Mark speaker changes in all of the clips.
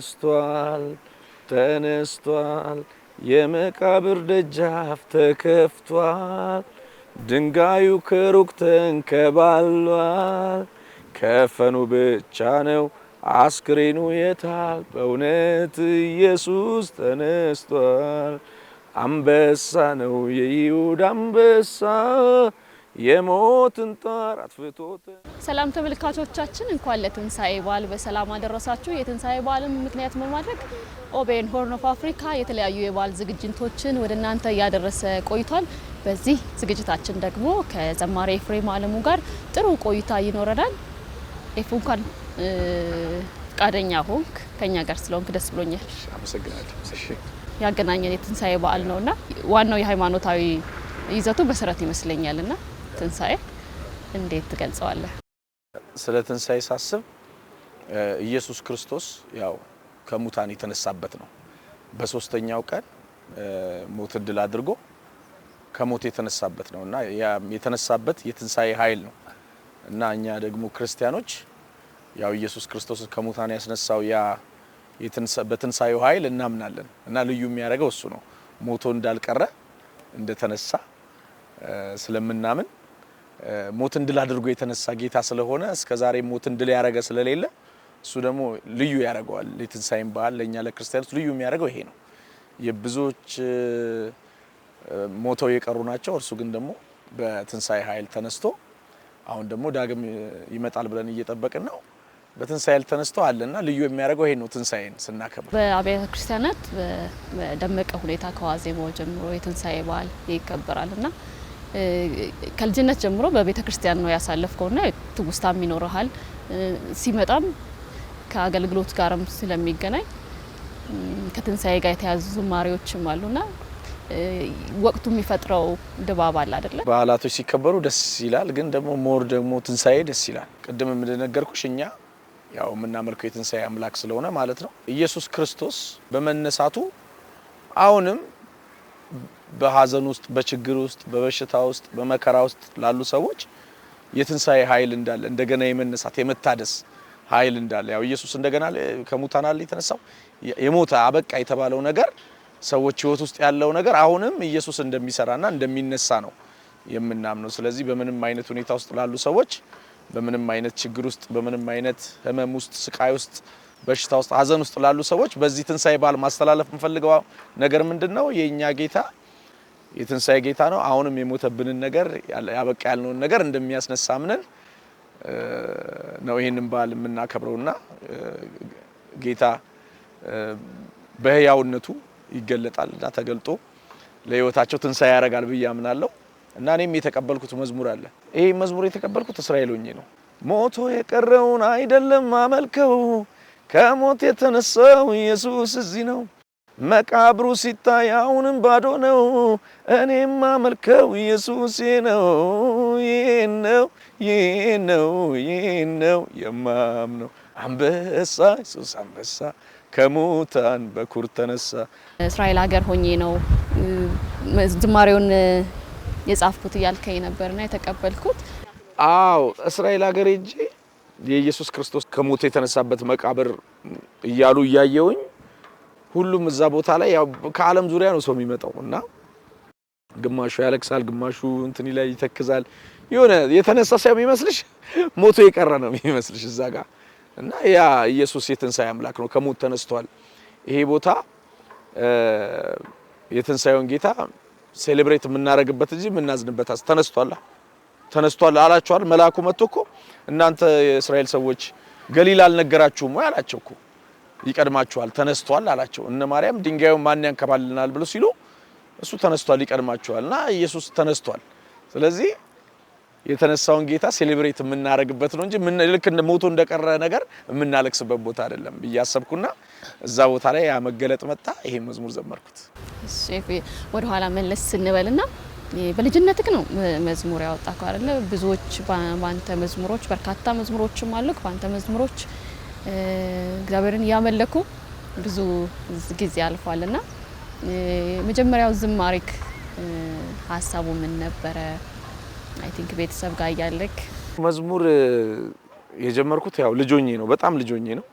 Speaker 1: ተነስቷል ተነስቷል፣ የመቃብር ደጃፍ ተከፍቷል፣ ድንጋዩ ከሩቅ ተንከባሏል። ከፈኑ ብቻ ነው አስክሬኑ የታል? በእውነት ኢየሱስ ተነስቷል። አንበሳ ነው የይሁዳ አንበሳ የሞትን ጣር አጥፍቶት።
Speaker 2: ሰላም ተመልካቾቻችን፣ እንኳን ለትንሳኤ በዓል በሰላም አደረሳችሁ። የትንሳኤ በዓልን ምክንያት በማድረግ ኦቤን ሆርን ኦፍ አፍሪካ የተለያዩ የበዓል ዝግጅቶችን ወደ እናንተ እያደረሰ ቆይቷል። በዚህ ዝግጅታችን ደግሞ ከዘማሪ ኤፍሬም አለሙ ጋር ጥሩ ቆይታ ይኖረናል። ኤፍ እንኳን ፈቃደኛ ሆንክ ከኛ ጋር ስለሆንክ ደስ ብሎኛል።
Speaker 1: አመሰግናለሁ።
Speaker 2: ያገናኘን የትንሳኤ በዓል ነውና ዋናው የሃይማኖታዊ ይዘቱ መሰረት ይመስለኛልና ትንሣኤ እንዴት ትገልጸዋለህ?
Speaker 1: ስለ ትንሣኤ ሳስብ ኢየሱስ ክርስቶስ ያው ከሙታን የተነሳበት ነው። በሶስተኛው ቀን ሞት እድል አድርጎ ከሞት የተነሳበት ነው እና የተነሳበት የትንሣኤ ኃይል ነው እና እኛ ደግሞ ክርስቲያኖች ያው ኢየሱስ ክርስቶስ ከሙታን ያስነሳው ያ በትንሣኤው ኃይል እናምናለን እና ልዩ የሚያደርገው እሱ ነው። ሞቶ እንዳልቀረ እንደተነሳ ስለምናምን ሞትን ድል አድርጎ የተነሳ ጌታ ስለሆነ እስከ ዛሬ ሞትን ድል ያደረገ ስለሌለ እሱ ደግሞ ልዩ ያደርገዋል። የትንሳኤን በዓል ለእኛ ለክርስቲያኖች ልዩ የሚያደርገው ይሄ ነው። የብዙዎች ሞተው የቀሩ ናቸው። እርሱ ግን ደግሞ በትንሳኤ ኃይል ተነስቶ አሁን ደግሞ ዳግም ይመጣል ብለን እየጠበቅን ነው። በትንሳኤ ኃይል ተነስቶ አለና ልዩ የሚያደርገው ይሄ ነው። ትንሳኤን ስናከብር
Speaker 2: በአብያተ ክርስቲያናት በደመቀ ሁኔታ ከዋዜማው ጀምሮ የትንሳኤ በዓል ይከበራል እና ከልጅነት ጀምሮ በቤተ ክርስቲያን ነው ያሳለፍከውና ትውስታም ይኖረሃል። ሲመጣም ከአገልግሎት ጋርም ስለሚገናኝ ከትንሳኤ ጋር የተያዙ ዝማሬዎችም አሉና ወቅቱ የሚፈጥረው ድባብ አለ አይደለም።
Speaker 1: በዓላቶች ሲከበሩ ደስ ይላል፣ ግን ደግሞ ሞር ደግሞ ትንሣኤ ደስ ይላል። ቅድም እንደነገርኩሽ እኛ ያው የምናመልከው የትንሣኤ አምላክ ስለሆነ ማለት ነው ኢየሱስ ክርስቶስ በመነሳቱ አሁንም በሀዘን ውስጥ፣ በችግር ውስጥ፣ በበሽታ ውስጥ፣ በመከራ ውስጥ ላሉ ሰዎች የትንሣኤ ኃይል እንዳለ እንደገና የመነሳት የመታደስ ኃይል እንዳለ ያው ኢየሱስ እንደገና ከሙታን አለ የተነሳው የሞተ አበቃ የተባለው ነገር ሰዎች ሕይወት ውስጥ ያለው ነገር አሁንም ኢየሱስ እንደሚሰራና እንደሚነሳ ነው የምናምነው። ስለዚህ በምንም አይነት ሁኔታ ውስጥ ላሉ ሰዎች በምንም አይነት ችግር ውስጥ፣ በምንም አይነት ሕመም ውስጥ፣ ስቃይ ውስጥ፣ በሽታ ውስጥ፣ ሀዘን ውስጥ ላሉ ሰዎች በዚህ ትንሣኤ በዓል ማስተላለፍ የምፈልገው ነገር ምንድን ነው? የእኛ ጌታ የትንሣኤ ጌታ ነው። አሁንም የሞተብንን ነገር ያበቃ ያልነውን ነገር እንደሚያስነሳ አምነን ነው ይህንን በዓል የምናከብረውና ጌታ በህያውነቱ ይገለጣል እና ተገልጦ ለህይወታቸው ትንሣኤ ያደርጋል ብዬ አምናለሁ እና እኔም የተቀበልኩት መዝሙር አለ። ይሄ መዝሙር የተቀበልኩት እስራኤል ሆኜ ነው። ሞቶ የቀረውን አይደለም አመልከው፣ ከሞት የተነሳው ኢየሱስ እዚህ ነው መቃብሩ ሲታይ አሁንም ባዶ ነው። እኔ ማመልከው ኢየሱሴ ነው። ይህ ነው ይህ ነው ነው የማምነው አንበሳ ኢየሱስ አንበሳ ከሙታን በኩር ተነሳ።
Speaker 2: እስራኤል ሀገር ሆኜ ነው ዝማሬውን የጻፍኩት እያልከኝ ነበርና የተቀበልኩት።
Speaker 1: አዎ እስራኤል ሀገር ሄጄ የኢየሱስ ክርስቶስ ከሞት የተነሳበት መቃብር እያሉ እያየውኝ ሁሉም እዛ ቦታ ላይ ያው ከአለም ዙሪያ ነው ሰው የሚመጣው እና ግማሹ ያለቅሳል፣ ግማሹ እንትን ላይ ይተክዛል። የሆነ የተነሳ ሳይሆን የሚመስልሽ ሞቶ የቀረ ነው የሚመስልሽ እዛ ጋር እና ያ ኢየሱስ የትንሣኤ አምላክ ነው። ከሞት ተነስቷል። ይሄ ቦታ የትንሣኤውን ጌታ ሴሌብሬት የምናደርግበት እንጂ የምናዝንበት ተነስቷል ተነስቷል አላቸዋል። መልአኩ መጥቶ እኮ እናንተ የእስራኤል ሰዎች ገሊላ አልነገራችሁም ወይ አላቸው እኮ ይቀድማችኋል ተነስቷል አላቸው። እነ ማርያም ድንጋዩን ማን ያንከባልናል ብሎ ሲሉ እሱ ተነስቷል ይቀድማችኋል እና ኢየሱስ ተነስቷል። ስለዚህ የተነሳውን ጌታ ሴሌብሬት የምናደርግበት ነው እንጂ ልክ ሞቶ እንደቀረ ነገር የምናለቅስበት ቦታ አይደለም ብዬ አሰብኩና እዛ ቦታ ላይ ያ መገለጥ መጣ። ይሄ መዝሙር ዘመርኩት።
Speaker 2: ወደኋላ መለስ ስንበልና በልጅነትህ ነው መዝሙር ያወጣከው አይደለ? ብዙዎች በአንተ መዝሙሮች በርካታ መዝሙሮችም አሉ። በአንተ መዝሙሮች እግዚአብሔርን እያመለኩ ብዙ ጊዜ አልፏል እና የመጀመሪያው ዝማሬክ ሀሳቡ ምን ነበረ? አይ ቲንክ ቤተሰብ ጋር እያለክ
Speaker 1: መዝሙር የጀመርኩት ያው ልጆኜ ነው፣ በጣም ልጆኜ ነው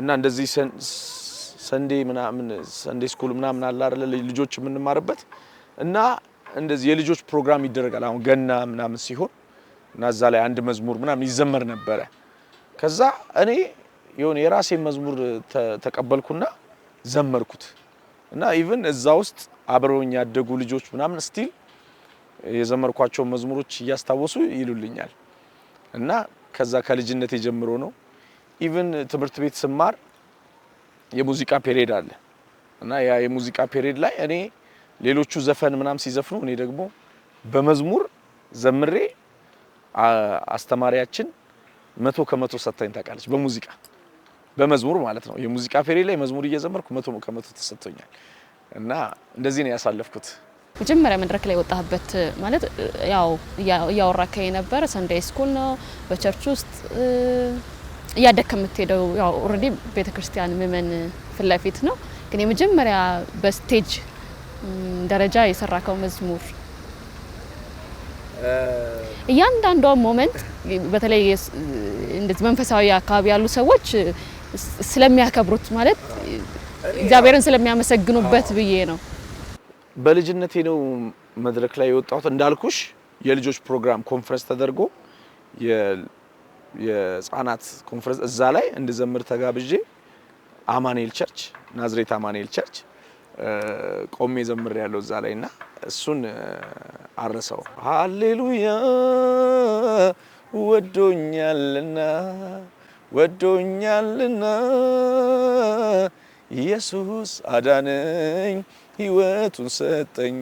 Speaker 1: እና እንደዚህ ሰንዴ ምናምን ሰንዴ ስኩል ምናምን አለ ልጆች የምንማርበት እና እንደዚህ የልጆች ፕሮግራም ይደረጋል። አሁን ገና ምናምን ሲሆን እና እዛ ላይ አንድ መዝሙር ምናምን ይዘመር ነበረ ከዛ እኔ የሆነ የራሴን መዝሙር ተቀበልኩና ዘመርኩት እና ኢቭን እዛ ውስጥ አብረውኝ ያደጉ ልጆች ምናምን ስቲል የዘመርኳቸውን መዝሙሮች እያስታወሱ ይሉልኛል እና ከዛ ከልጅነት የጀምሮ ነው። ኢቭን ትምህርት ቤት ስማር የሙዚቃ ፔሬድ አለ እና ያ የሙዚቃ ፔሬድ ላይ እኔ ሌሎቹ ዘፈን ምናምን ሲዘፍኑ እኔ ደግሞ በመዝሙር ዘምሬ አስተማሪያችን መቶ ከመቶ ሰጥታኝ ታውቃለች። በሙዚቃ በመዝሙር ማለት ነው። የሙዚቃ ፌሬ ላይ መዝሙር እየዘመርኩ መቶ ከመቶ ተሰጥቶኛል እና እንደዚህ ነው ያሳለፍኩት።
Speaker 2: መጀመሪያ መድረክ ላይ ወጣህበት ማለት ያው እያወራከ የነበረ ሰንዳይ ስኩል ነው። በቸርች ውስጥ እያደግክ የምትሄደው ያው ኦልሬዲ ቤተክርስቲያን ምእመን ፊት ለፊት ነው። ግን የመጀመሪያ በስቴጅ ደረጃ የሰራከው መዝሙር እያንዳንዷን ሞመንት በተለይ እንደዚህ መንፈሳዊ አካባቢ ያሉ ሰዎች ስለሚያከብሩት ማለት እግዚአብሔርን ስለሚያመሰግኑበት ብዬ ነው።
Speaker 1: በልጅነቴ ነው መድረክ ላይ የወጣሁት እንዳልኩሽ፣ የልጆች ፕሮግራም ኮንፈረንስ ተደርጎ የህጻናት ኮንፈረንስ እዛ ላይ እንድዘምር ተጋብዤ አማኑኤል ቸርች ናዝሬት አማኑኤል ቸርች ቆሜ ዘምር ያለው እዛ ላይ እና እሱን አረሰው። ሀሌሉያ ወዶኛልና ወዶኛልና ኢየሱስ አዳነኝ ህይወቱን ሰጠኝ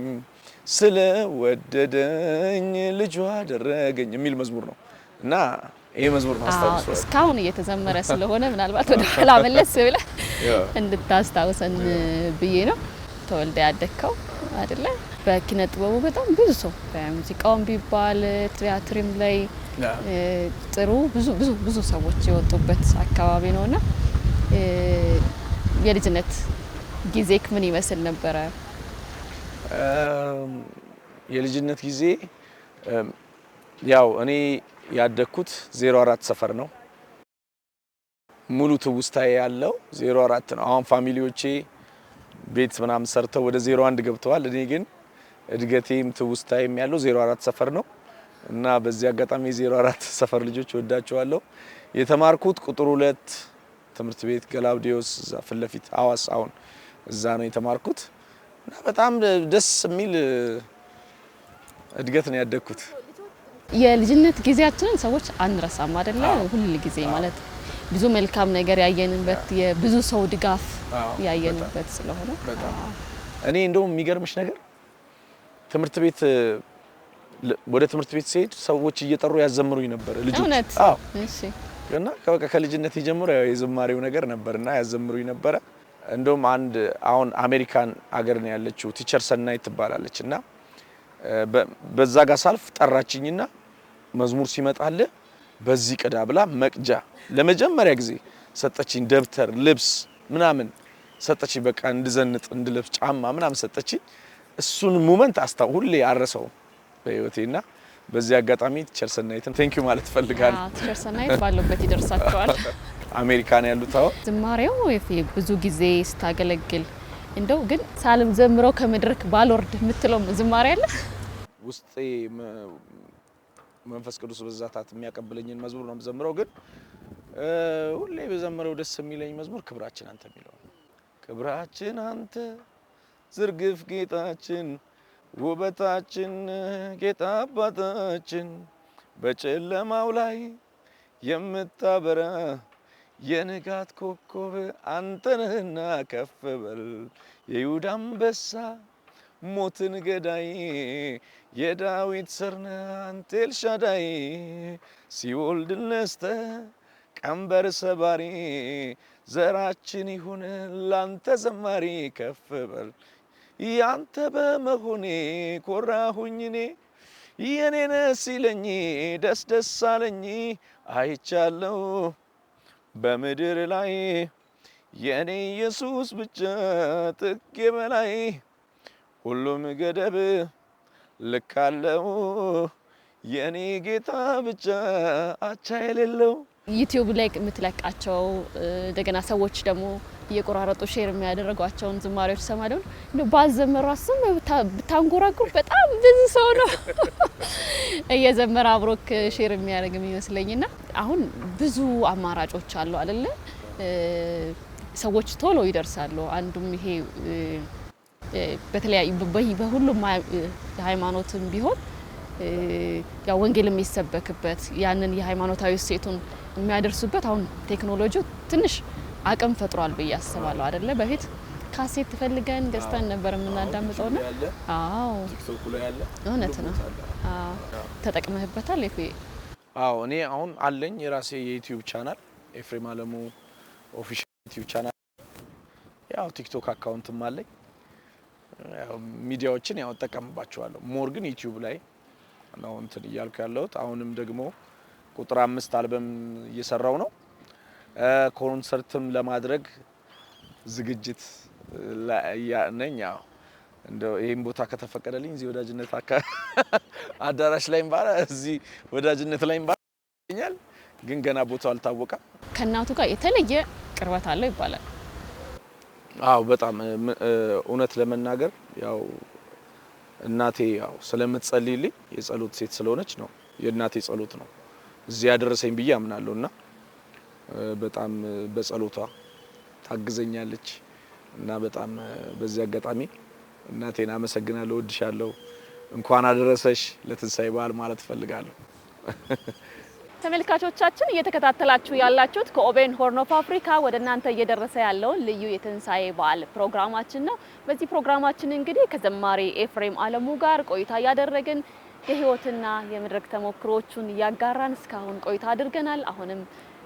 Speaker 1: ስለ ወደደኝ ልጁ አደረገኝ የሚል መዝሙር ነው እና ይህ መዝሙር ማስታወስ
Speaker 2: እስካሁን እየተዘመረ ስለሆነ ምናልባት ወደ ኋላ መለስ ብለህ እንድታስታውሰን ብዬ ነው። ተወልደ ያደግከው አይደለ? በኪነ ጥበቡ በጣም ብዙ ሰው በሙዚቃውም ቢባል ትሪያትሪም ላይ ጥሩ ብዙ ብዙ ብዙ ሰዎች የወጡበት አካባቢ ነው እና የልጅነት ጊዜክ ምን ይመስል ነበረ?
Speaker 1: የልጅነት ጊዜ ያው እኔ ያደግኩት ዜሮ አራት ሰፈር ነው ሙሉ ትውስታዬ ያለው 04 ነው። አሁን ፋሚሊዎቼ ቤት ምናምን ሰርተው ወደ 01 ገብተዋል። እኔ ግን እድገቴም ትውስታዬም ያለው 04 ሰፈር ነው እና በዚህ አጋጣሚ 04 ሰፈር ልጆች ወዳቸዋለሁ። የተማርኩት ቁጥር ሁለት ትምህርት ቤት ገላውዲዮስ ፊት ለፊት አዋስ አሁን እዛ ነው የተማርኩት እና በጣም ደስ የሚል እድገት ነው ያደግኩት።
Speaker 2: የልጅነት ጊዜያችንን ሰዎች አንረሳም አይደለ? ሁል ጊዜ ማለት ብዙ መልካም ነገር ያየንበት የብዙ ሰው ድጋፍ ያየንበት ስለሆነ
Speaker 1: እኔ እንደውም የሚገርምሽ ነገር ትምህርት ቤት ወደ ትምህርት ቤት ሲሄድ ሰዎች እየጠሩ ያዘምሩኝ ነበር
Speaker 2: ልጆች። እውነት? አዎ። እሺ።
Speaker 1: እና በቃ ከልጅነት ጀምሮ ያው የዝማሬው ነገር ነበርና ያዘምሩኝ ነበረ። እንደውም አንድ አሁን አሜሪካን አገር ነው ያለችው ቲቸር ሰናይ ትባላለች እና በዛ ጋር ሳልፍ ጠራችኝና መዝሙር ሲመጣልህ በዚህ ቅዳ ብላ መቅጃ ለመጀመሪያ ጊዜ ሰጠችኝ። ደብተር፣ ልብስ ምናምን ሰጠችኝ። በቃ እንድዘንጥ እንድለብስ ጫማ ምናምን ሰጠችኝ። እሱን ሙመንት አስታው ሁሌ አረሰው በህይወቴና በዚህ አጋጣሚ ቲቸር ሰናይትን ቴንኪዩ ማለት እፈልጋለሁ።
Speaker 2: ቲቸር ሰናይት ባለበት ይደርሳቸዋል።
Speaker 1: አሜሪካን ያሉት አሁን
Speaker 2: ዝማሬው ብዙ ጊዜ ስታገለግል እንደው ግን ሳልም ዘምረው ከመድረክ ባልወርድ የምትለው ዝማሬ አለ
Speaker 1: ውስጤ መንፈስ ቅዱስ በዛታት የሚያቀብለኝን መዝሙር ነው የምዘምረው። ግን ሁሌ በዘምረው ደስ የሚለኝ መዝሙር ክብራችን አንተ የሚለው ክብራችን አንተ ዝርግፍ ጌጣችን ውበታችን ጌታ አባታችን በጨለማው ላይ የምታበራ የንጋት ኮከብ አንተ ነህና ከፍ በል የይሁዳ አንበሳ ሞትን ገዳይ የዳዊት ስርነ አንተ ኤልሻዳይ ሲወልድ ነስተ ቀንበር ሰባሪ ዘራችን ይሁን ላንተ ዘማሪ ከፍ በል ያንተ በመሆኔ ኮራሁኝ እኔ የኔነ ሲለኝ ደስ ደስ አለኝ አይቻለሁ በምድር ላይ የኔ ኢየሱስ ብቻ ጥግ በላይ ሁሉም ገደብ ልካለው የኔ ጌታ ብቻ አቻ የሌለው
Speaker 2: ዩቲዩብ ላይ የምትለቃቸው እንደገና ሰዎች ደግሞ እየቆራረጡ ሼር የሚያደርጓቸውን ዝማሬዎች ሰማለሁ። ባዘመሩ ስም ብታንጎራጉር በጣም ብዙ ሰው ነው እየዘመረ አብሮክ ሼር የሚያደርግ የሚመስለኝና አሁን ብዙ አማራጮች አሉ አይደለ? ሰዎች ቶሎ ይደርሳሉ። አንዱም ይሄ በተለያዩ በሁሉም ሃይማኖትም ቢሆን ያው ወንጌል የሚሰበክበት ያንን የሃይማኖታዊ እሴቱን የሚያደርሱበት አሁን ቴክኖሎጂው ትንሽ አቅም ፈጥሯል ብዬ አስባለሁ። አደለ በፊት ካሴት ፈልገን ገዝተን ነበር የምናዳምጠው ነ አዎ፣ እውነት ነው። ተጠቅመህበታል?
Speaker 1: አዎ፣ እኔ አሁን አለኝ የራሴ የዩትዩብ ቻናል ኤፍሬም አለሙ ኦፊሻል ዩትዩብ ቻናል፣ ያው ቲክቶክ አካውንትም አለኝ ሚዲያዎችን ያው እጠቀምባቸዋለሁ። ሞር ግን ዩቲዩብ ላይ ነው እንትን እያልኩ ያለሁት። አሁንም ደግሞ ቁጥር አምስት አልበም እየሰራው ነው። ኮንሰርትም ለማድረግ ዝግጅት ነኝ። ያው እንደው ይህም ቦታ ከተፈቀደልኝ እዚህ ወዳጅነት አዳራሽ ላይ ባላ እዚህ ወዳጅነት ላይ ባላ ይገኛል፣ ግን ገና ቦታው አልታወቀም።
Speaker 2: ከእናቱ ጋር የተለየ ቅርበት አለው ይባላል።
Speaker 1: አዎ በጣም እውነት ለመናገር ያው እናቴ ያው ስለምትጸልይልኝ የጸሎት ሴት ስለሆነች ነው የእናቴ ጸሎት ነው እዚህ ያደረሰኝ ብዬ አምናለሁ እና በጣም በጸሎቷ ታግዘኛለች እና በጣም በዚህ አጋጣሚ እናቴን አመሰግናለሁ፣ ወድሻለሁ። እንኳን አደረሰሽ ለትንሳኤ በዓል ማለት እፈልጋለሁ።
Speaker 2: ተመልካቾቻችን እየተከታተላችሁ ያላችሁት ከኦቤን ሆርን ኦፍ አፍሪካ ወደ እናንተ እየደረሰ ያለውን ልዩ የትንሳኤ በዓል ፕሮግራማችን ነው። በዚህ ፕሮግራማችን እንግዲህ ከዘማሪ ኤፍሬም አለሙ ጋር ቆይታ እያደረግን የህይወትና የመድረክ ተሞክሮቹን እያጋራን እስካሁን ቆይታ አድርገናል። አሁንም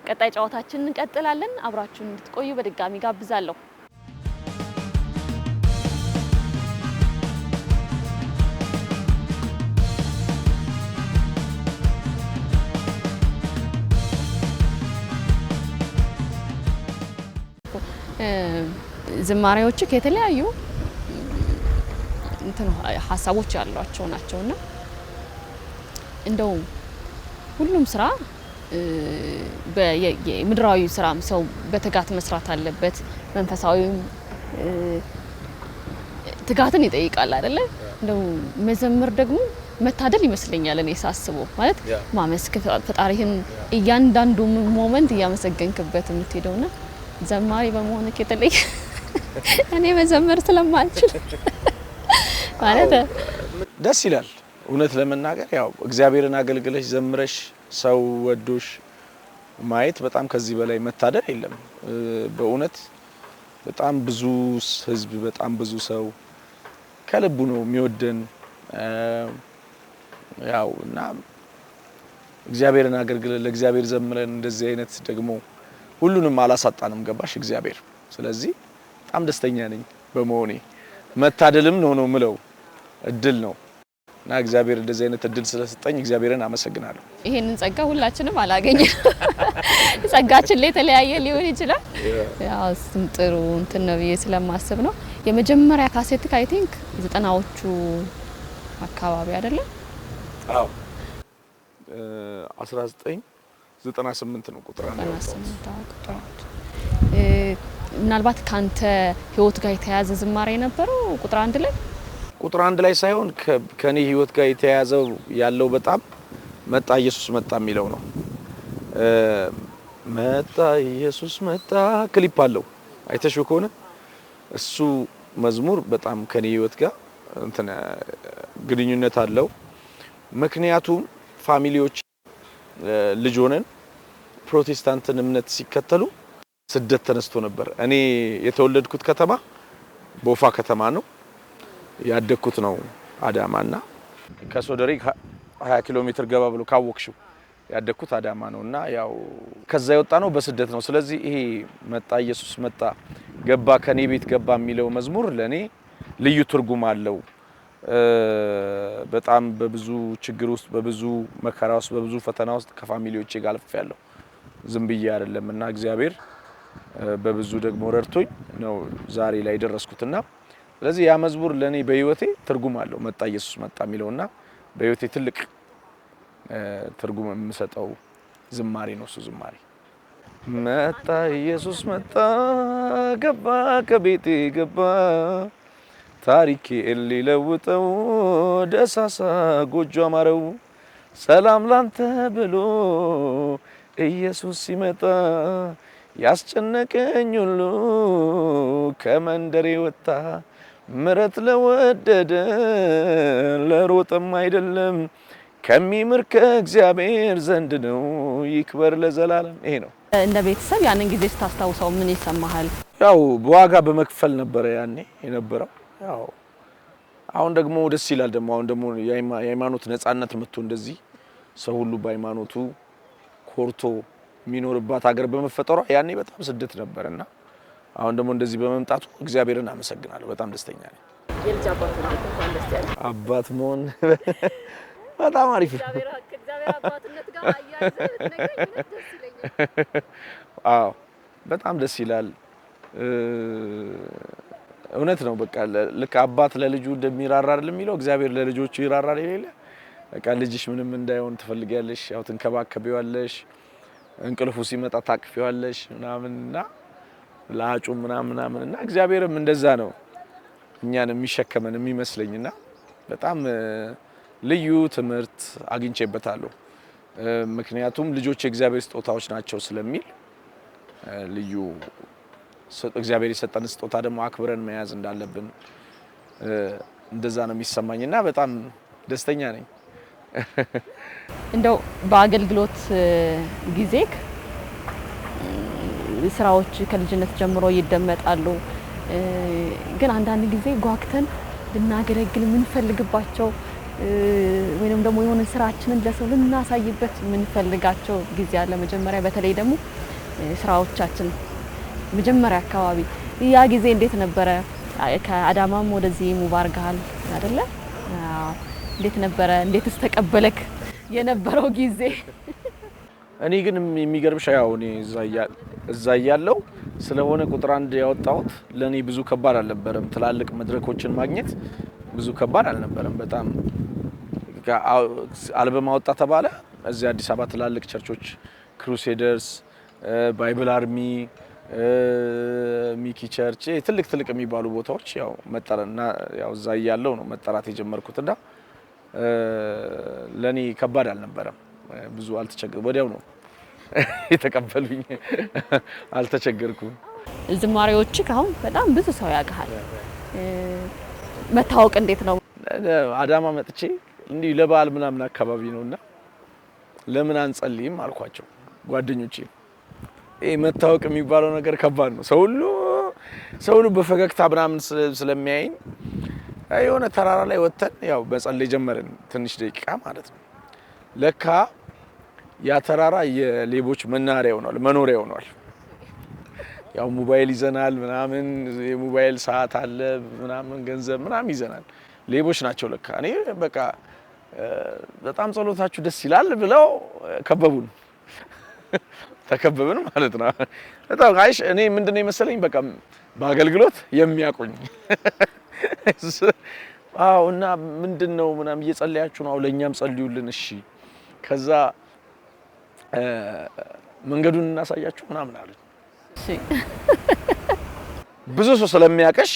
Speaker 2: ቀጣይ ጨዋታችን እንቀጥላለን። አብራችሁን እንድትቆዩ በድጋሚ ጋብዛለሁ። ዝማሬዎች የተለያዩ ሀሳቦች ያሏቸው ናቸውና እንደው ሁሉም ስራ ምድራዊ ስራም ሰው በትጋት መስራት አለበት። መንፈሳዊም ትጋትን ይጠይቃል አይደለ? እንደው መዘምር ደግሞ መታደል ይመስለኛል እኔ ሳስበው። ማለት ማመስገን ፈጣሪህን እያንዳንዱ ሞመንት እያመሰገንክበት የምትሄደው የምትሄደውና ዘማሪ በመሆኑ ከተለይ እኔ መዘመር ስለማልችል ማለት
Speaker 1: ደስ ይላል። እውነት ለመናገር ያው እግዚአብሔርን አገልግለሽ ዘምረሽ ሰው ወዶሽ ማየት በጣም ከዚህ በላይ መታደል የለም። በእውነት በጣም ብዙ ህዝብ፣ በጣም ብዙ ሰው ከልቡ ነው የሚወደን ያው እና እግዚአብሔርን አገልግለን ለእግዚአብሔር ዘምረን እንደዚህ አይነት ደግሞ ሁሉንም አላሳጣንም። ገባሽ እግዚአብሔር። ስለዚህ በጣም ደስተኛ ነኝ በመሆኔ መታደልም ነው ነው ምለው እድል ነው እና እግዚአብሔር እንደዚህ አይነት እድል ስለሰጠኝ እግዚአብሔርን አመሰግናለሁ።
Speaker 2: ይሄንን ጸጋ ሁላችንም አላገኘ ጸጋችን ላይ የተለያየ ሊሆን ይችላል። ያው እሱም ጥሩ እንትን ነው ብዬ ስለማስብ ነው። የመጀመሪያ ካሴት አይ ቲንክ ዘጠናዎቹ አካባቢ አይደለም?
Speaker 1: አዎ 19 98 ነው ቁጥር
Speaker 2: ምናልባት ከአንተ ህይወት ጋር የተያያዘ ዝማሬ ነበረው ቁጥር አንድ ላይ
Speaker 1: ቁጥር አንድ ላይ ሳይሆን ከኔ ህይወት ጋር የተያያዘ ያለው በጣም መጣ ኢየሱስ መጣ የሚለው ነው። መጣ ኢየሱስ መጣ ክሊፕ አለው አይተሽው ከሆነ እሱ መዝሙር በጣም ከኔ ህይወት ጋር እንትን ግንኙነት አለው። ምክንያቱም ፋሚሊዎች ልጅ ሆነን ፕሮቴስታንትን እምነት ሲከተሉ ስደት ተነስቶ ነበር። እኔ የተወለድኩት ከተማ ቦፋ ከተማ ነው። ያደግኩት ነው አዳማና ከሶደሬ 20 ኪሎ ሜትር ገባ ብሎ ካወቅሽው ያደግኩት አዳማ ነው እና ያው ከዛ የወጣ ነው በስደት ነው። ስለዚህ ይሄ መጣ ኢየሱስ መጣ ገባ ከኔ ቤት ገባ የሚለው መዝሙር ለእኔ ልዩ ትርጉም አለው። በጣም በብዙ ችግር ውስጥ በብዙ መከራ ውስጥ በብዙ ፈተና ውስጥ ከፋሚሊዎች ጋልፍ ያለው ዝም ብዬ አይደለም እና እግዚአብሔር በብዙ ደግሞ ረድቶኝ ነው ዛሬ ላይ ደረስኩትና ስለዚህ ያ መዝሙር ለእኔ በህይወቴ ትርጉም አለው። መጣ ኢየሱስ መጣ የሚለውና በህይወቴ ትልቅ ትርጉም የምሰጠው ዝማሬ ነው እሱ ዝማሬ። መጣ ኢየሱስ መጣ ገባ ከቤቴ ገባ ታሪኬ ሊለውጠው ደሳሳ ጎጆ አማረው ሰላም ላንተ ብሎ ኢየሱስ ሲመጣ ያስጨነቀኝ ሁሉ ከመንደሬ ወጣ። ምረት ለወደደ ለሮጠም አይደለም ከሚምር ከእግዚአብሔር ዘንድ ነው። ይክበር ለዘላለም። ይሄ ነው
Speaker 2: እንደ ቤተሰብ። ያንን ጊዜ ስታስታውሰው ምን ይሰማሃል?
Speaker 1: ያው በዋጋ በመክፈል ነበረ ያኔ የነበረው ያው አሁን ደግሞ ደስ ይላል። ደግሞ አሁን ደግሞ የሃይማኖት ነጻነት መጥቶ እንደዚህ ሰው ሁሉ በሃይማኖቱ ኮርቶ የሚኖርባት ሀገር በመፈጠሯ ያኔ በጣም ስደት ነበር እና አሁን ደግሞ እንደዚህ በመምጣቱ እግዚአብሔርን አመሰግናለሁ። በጣም ደስተኛ ነኝ። አባት መሆን በጣም አሪፍ
Speaker 2: ነው።
Speaker 1: አዎ በጣም ደስ ይላል። እውነት ነው። በቃ ልክ አባት ለልጁ እንደሚራራ አይደል የሚለው እግዚአብሔር ለልጆቹ ይራራል የሌለ በቃ ልጅሽ ምንም እንዳይሆን ትፈልጊያለሽ፣ ያው ትንከባከቢዋለሽ፣ እንቅልፉ ሲመጣ ታቅፊዋለሽ ምናምንና ለአጩ ምናምን ምናምን እና እግዚአብሔርም እንደዛ ነው እኛን የሚሸከመን የሚመስለኝና በጣም ልዩ ትምህርት አግኝቼበታለሁ። ምክንያቱም ልጆች የእግዚአብሔር ስጦታዎች ናቸው ስለሚል ልዩ እግዚአብሔር የሰጠን ስጦታ ደግሞ አክብረን መያዝ እንዳለብን እንደዛ ነው የሚሰማኝ እና በጣም ደስተኛ ነኝ።
Speaker 2: እንደው በአገልግሎት ጊዜ ስራዎች ከልጅነት ጀምሮ ይደመጣሉ። ግን አንዳንድ ጊዜ ጓግተን ልናገለግል የምንፈልግባቸው ወይም ደግሞ የሆነ ስራችንን ለሰው ልናሳይበት የምንፈልጋቸው ጊዜ አለ። መጀመሪያ በተለይ ደግሞ ስራዎቻችን መጀመሪያ አካባቢ ያ ጊዜ እንዴት ነበረ? ከአዳማም ወደዚህ ሙቭ አድርገሃል አይደለ? እንዴት ነበረ? እንዴትስ ተቀበለክ የነበረው ጊዜ?
Speaker 1: እኔ ግን የሚገርምሽ ያው እኔ እዛ እያለሁ ስለሆነ ቁጥር አንድ ያወጣሁት ለእኔ ብዙ ከባድ አልነበረም። ትላልቅ መድረኮችን ማግኘት ብዙ ከባድ አልነበረም። በጣም አልበም አወጣ ተባለ። እዚህ አዲስ አበባ ትላልቅ ቸርቾች፣ ክሩሴደርስ፣ ባይብል አርሚ ሚኪ ቸርች ትልቅ ትልቅ የሚባሉ ቦታዎች ያው መጠራና ያው እዛ እያለሁ ነው መጠራት እና ለኔ ከባድ አልነበረም። ብዙ አልተቸገር ወዲያው ነው የተቀበሉኝ። አልተቸገርኩም።
Speaker 2: ዝማሬዎች አሁን በጣም ብዙ ሰው ያውቃል። መታወቅ እንዴት ነው?
Speaker 1: አዳማ መጥቼ እንዲህ ለበዓል ምናምን አካባቢ ነውና ለምን አንጸልይም አልኳቸው ጓደኞቼ ይሄ መታወቅ የሚባለው ነገር ከባድ ነው። ሰው ሁሉ ሰው ሁሉ በፈገግታ ምናምን ስለሚያይን የሆነ ተራራ ላይ ወጥተን ያው መጸለይ ጀመርን፣ ትንሽ ደቂቃ ማለት ነው። ለካ ያ ተራራ የሌቦች መናሪያ ሆኗል፣ መኖሪያ ሆኗል። ያው ሞባይል ይዘናል ምናምን፣ የሞባይል ሰዓት አለ ምናምን፣ ገንዘብ ምናምን ይዘናል። ሌቦች ናቸው ለካ። እኔ በቃ በጣም ጸሎታችሁ ደስ ይላል ብለው ከበቡን። ተከበብን ማለት ነው። በጣም አይሽ እኔ ምንድን ነው የመሰለኝ በቃ በአገልግሎት የሚያቁኝ አዎ። እና ምንድን ነው ምናምን እየጸለያችሁ ነው? አዎ ለእኛም ጸልዩልን። እሺ፣ ከዛ መንገዱን እናሳያችሁ ምናምን አሉኝ። ብዙ ሰው ስለሚያቀሽ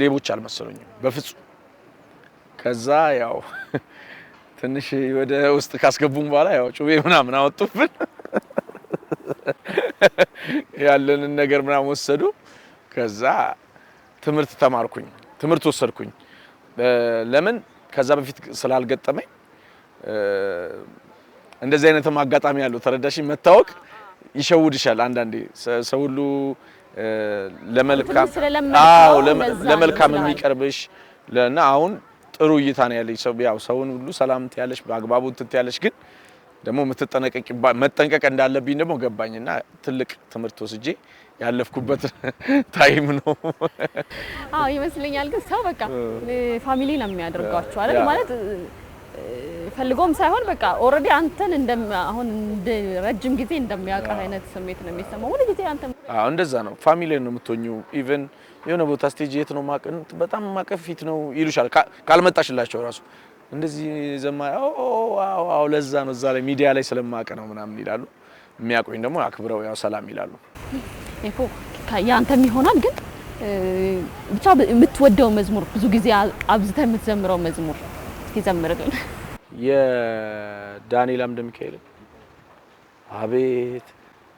Speaker 1: ሌቦች አልመሰሉኝም በፍጹም። ከዛ ያው ትንሽ ወደ ውስጥ ካስገቡም በኋላ ያው ጩቤ ምናምን አወጡብን። ያለንን ነገር ምናምን ወሰዱ። ከዛ ትምህርት ተማርኩኝ፣ ትምህርት ወሰድኩኝ። ለምን ከዛ በፊት ስላልገጠመኝ እንደዚህ አይነትም አጋጣሚ ያለው ተረዳሽ መታወቅ ይሸውድሻል አንዳንዴ ሰው ሁሉ ለመልካም አዎ ለመልካም የሚቀርብሽ እና አሁን ጥሩ እይታ ነው ያለሽ። ሰው ያው ሰውን ሁሉ ሰላም ትያለሽ፣ በአግባቡ ትትያለሽ ግን ደግሞ መጠንቀቅ እንዳለብኝ ደግሞ ገባኝና ትልቅ ትምህርት ወስጄ ያለፍኩበት ታይም ነው።
Speaker 2: አዎ ይመስለኛል። ግን ሰው በቃ ፋሚሊ ነው የሚያደርጓቸው አይደል? ማለት ፈልጎም ሳይሆን በቃ ኦልሬዲ አንተን አሁን ረጅም ጊዜ እንደሚያውቅ አይነት ስሜት ነው የሚሰማው ሁሉ ጊዜ። አንተ
Speaker 1: አዎ፣ እንደዛ ነው ፋሚሊ ነው የምትሆኙ። ኢቨን የሆነ ቦታ ስቴጅ የት ነው ማቀን በጣም ማቀፍ ፊት ነው ይሉሻል ካልመጣሽላቸው ራሱ እንደዚህ ዘማሪ ዋው፣ ለዛ ነው እዛ ላይ ሚዲያ ላይ ስለማቀ ነው ምናምን ይላሉ። የሚያውቁኝ ደግሞ አክብረው ያው ሰላም ይላሉ።
Speaker 2: እኮ ያንተም ይሆናል ግን ብቻ የምትወደው መዝሙር ብዙ ጊዜ አብዝተ የምትዘምረው መዝሙር እስኪ ዘምርልን።
Speaker 1: የዳንኤል አምደ ሚካኤል አቤት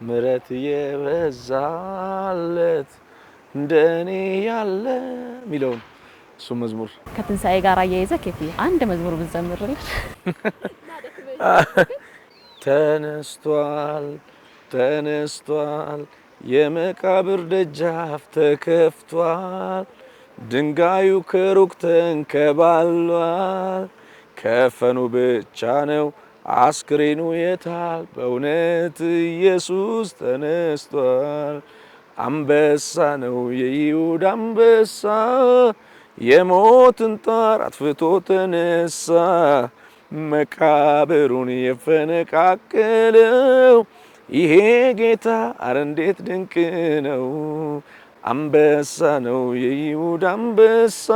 Speaker 1: ምረት የበዛለት እንደኔ ያለ ሚለውን እሱ መዝሙር
Speaker 2: ከትንሳኤ ጋር አያይዘ ኬፍ አንድ መዝሙር ብዘምርልን
Speaker 1: ተነስቷል ተነስቷል የመቃብር ደጃፍ ተከፍቷል ድንጋዩ ከሩቅ ተንከባሏል ከፈኑ ብቻ ነው አስክሬኑ የታል በእውነት ኢየሱስ ተነስቷል አንበሳ ነው የይሁዳ አንበሳ የሞትን ጣር አጥፍቶ ተነሳ መቃብሩን የፈነቃቅለው ይሄ ጌታ አረ እንዴት ድንቅ ነው! አንበሳ ነው የይሁዳ አንበሳ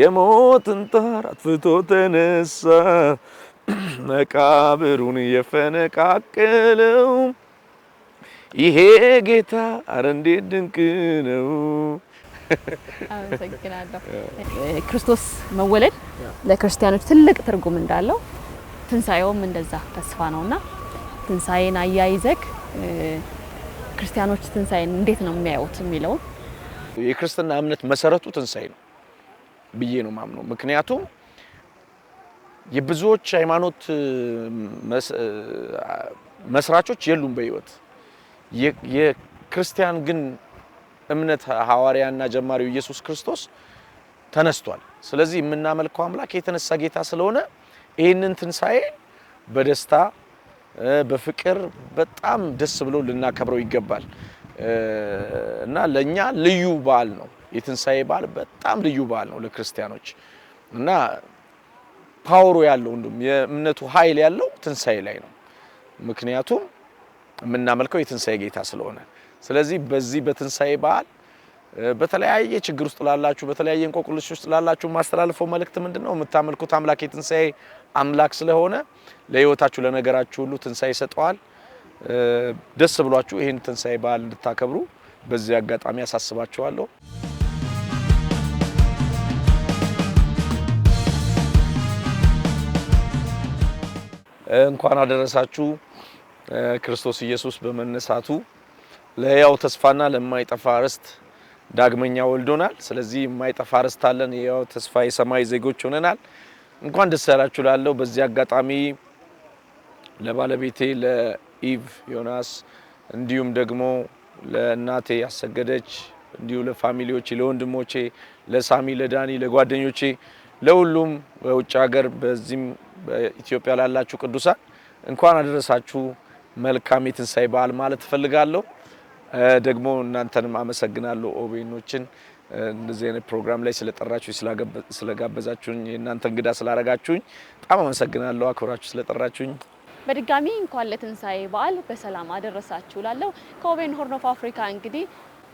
Speaker 1: የሞትን ጣር አጥፍቶ ተነሳ መቃብሩን የፈነቃቅለው ይሄ ጌታ አረ እንዴት ድንቅ ነው!
Speaker 2: አመሰግናለሁ። ክርስቶስ መወለድ ለክርስቲያኖች ትልቅ ትርጉም እንዳለው ትንሳኤውም እንደዛ ተስፋ ነውና ትንሳኤን አያይዘግ ክርስቲያኖች ትንሳኤን እንዴት ነው የሚያዩት የሚለው
Speaker 1: የክርስትና እምነት መሰረቱ ትንሳኤ ነው ብዬ ነው ማምነው። ምክንያቱም የብዙዎች ሃይማኖት መስራቾች የሉም በህይወት የክርስቲያን ግን እምነት ሐዋርያና ጀማሪው ኢየሱስ ክርስቶስ ተነስቷል። ስለዚህ የምናመልከው አምላክ የተነሳ ጌታ ስለሆነ ይህንን ትንሣኤ በደስታ በፍቅር በጣም ደስ ብሎ ልናከብረው ይገባል እና ለእኛ ልዩ በዓል ነው። የትንሣኤ በዓል በጣም ልዩ በዓል ነው ለክርስቲያኖች እና ፓወሩ ያለው እንዲሁም የእምነቱ ኃይል ያለው ትንሣኤ ላይ ነው። ምክንያቱም የምናመልከው የትንሣኤ ጌታ ስለሆነ ስለዚህ በዚህ በትንሣኤ በዓል በተለያየ ችግር ውስጥ ላላችሁ፣ በተለያየ እንቆቅልሽ ውስጥ ላላችሁ ማስተላልፈው መልእክት ምንድን ነው? የምታመልኩት አምላክ የትንሣኤ አምላክ ስለሆነ ለህይወታችሁ ለነገራችሁ ሁሉ ትንሣኤ ይሰጠዋል። ደስ ብሏችሁ ይህን ትንሳኤ በዓል እንድታከብሩ በዚህ አጋጣሚ አሳስባችኋለሁ። እንኳን አደረሳችሁ። ክርስቶስ ኢየሱስ በመነሳቱ ለያው ተስፋና ለማይጠፋ ርስት ዳግመኛ ወልዶናል። ስለዚህ የማይጠፋ ርስት አለን። የሕያው ተስፋ የሰማይ ዜጎች ሆነናል። እንኳን ደስ ያላችሁ ላለው በዚህ አጋጣሚ ለባለቤቴ ለኢቭ ዮናስ እንዲሁም ደግሞ ለእናቴ ያሰገደች እንዲሁ ለፋሚሊዎቼ፣ ለወንድሞቼ፣ ለሳሚ፣ ለዳኒ፣ ለጓደኞቼ፣ ለሁሉም በውጭ ሀገር በዚህም በኢትዮጵያ ላላችሁ ቅዱሳን እንኳን አደረሳችሁ። መልካም የትንሣኤ በዓል ማለት እፈልጋለሁ። ደግሞ እናንተንም አመሰግናለሁ ኦቤኖችን እንደዚህ አይነት ፕሮግራም ላይ ስለጠራችሁ ስለጋበዛችሁኝ የእናንተ እንግዳ ስላረጋችሁኝ በጣም አመሰግናለሁ። አክብራችሁ ስለጠራችሁኝ
Speaker 2: በድጋሚ እንኳን ለትንሳኤ በዓል በሰላም አደረሳችሁ ላለው ከኦቤን ሆርን ኦፍ አፍሪካ እንግዲህ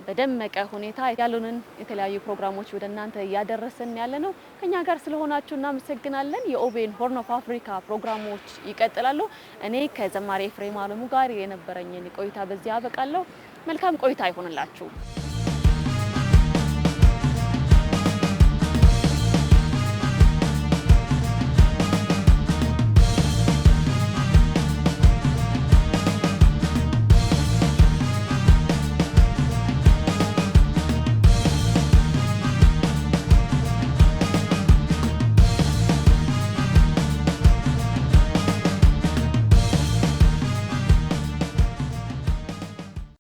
Speaker 2: በደመቀ ሁኔታ ያሉንን የተለያዩ ፕሮግራሞች ወደ እናንተ እያደረሰን ያለ ነው። ከኛ ጋር ስለሆናችሁ እናመሰግናለን። የኦቤን ሆርን ኦፍ አፍሪካ ፕሮግራሞች ይቀጥላሉ። እኔ ከዘማሪ ፍሬም አለሙ ጋር የነበረኝን ቆይታ በዚህ አበቃለሁ። መልካም ቆይታ ይሆንላችሁ።